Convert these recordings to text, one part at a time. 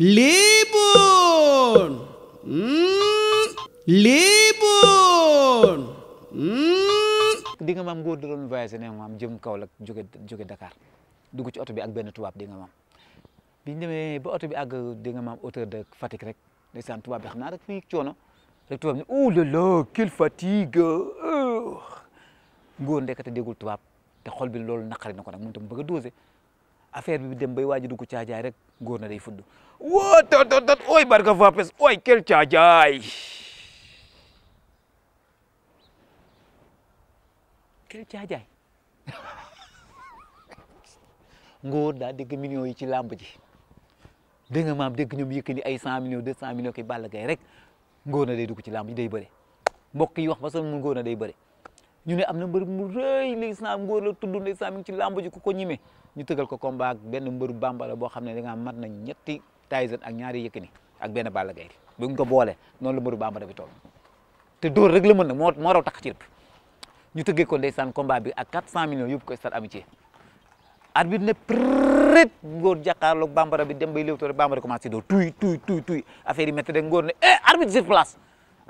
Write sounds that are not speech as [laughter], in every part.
Leben! Mm. Leben! Mm. di nga maam góor da doon voyagé ne maam jëm Kaolack jóge jóge Dakar dugg ci oto bi ak benn tubaab di nga maam biñ demee ba oto bi ag di nga maam hauteur de Fatick rek ndeysaan tubaab bi xam naa rek fii coono rek tubaab ne oh là là quelle fatigue ngóor euh. ndekete tubaab te xol bi loolu naqari na ko nag moom itam bëgg a affaire bi dem bay waaj a dugg caajaay rek góor na day fudd woo tot tot tot ooy [laughs] dégg millions ci làmb ji dégg nga maam dégg ñoom yëkkani ay cent millions deux cent millions ki Balla Gaye rek ngóor na day dugg ci làmb ji day bëre mbokk yi wax ba son mu ngóor na day bëre ñu ne am na mbër mu rëy léegi saa ngóor la tudd ndeysaan mi ci làmb ji ko ñime ñu tëgal ko combat ak benn mbëru bambala boo xam ne da ngaa mat na ñetti Tyson ak ñaari Yékini ak benn bala Gaye bu ñu ko boole noonu la mbëru bambala bi tool te dóor rek la mën nag moo moo raw takk ci ñu tëggee ko ndeysaan combat bi ak 400 millions yóbbu ko stade amitié arbitre ne prét ngóor bi dem bay léewtoo rek bambara commencé dóor tuy tuy tuy tuy affaire yi de ngóor ne eh arbitre sur place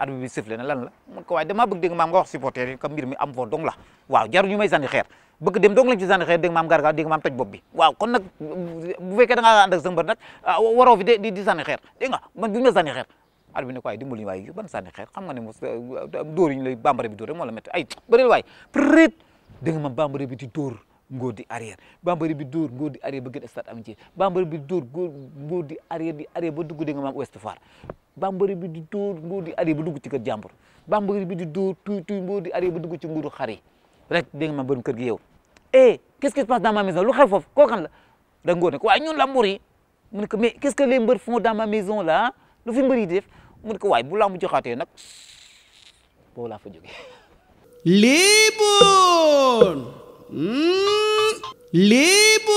arbitre bi na lan la mun ko waaye damaa bëgg dégg maam nga wax supporter yi comme mbir mi am foo dong la waaw jaru ñu may sànni xeer bëgg dem dong lañ ci sànni xeer dégg toj bopp bi waaw kon nag bu fekkee da ngaa ànd ak sa nag ah, waroo fi di di sànni xeer dégg nga man ma sànni bi dóor rek moo la métti ay bëril waay prét dégg nga bi di dóor ngóor di arrière bambara bi dóor ngóor di arrière ba gën stade am ci bambara bi dóor ba dugg dégg nga maam bambari bi di dóor mbóor di ari ba dugg ci kër jàmbur bambari bi di dóor tuy tuy mbóor di ari ba dugg ci nguuru xar yi rek dégg nga ma borom kër gi yow eh qu'est-ce qui se maison lu xew foofu koo kan la da ngóor ne waaye ñun la mbur yi mu ne ko mais qu'est-ce que les mbër font dans maison là lu fi mbër yi di def mu ne ko waaye bu laa mu joxaatee nag boobu laa fa jógee hmm?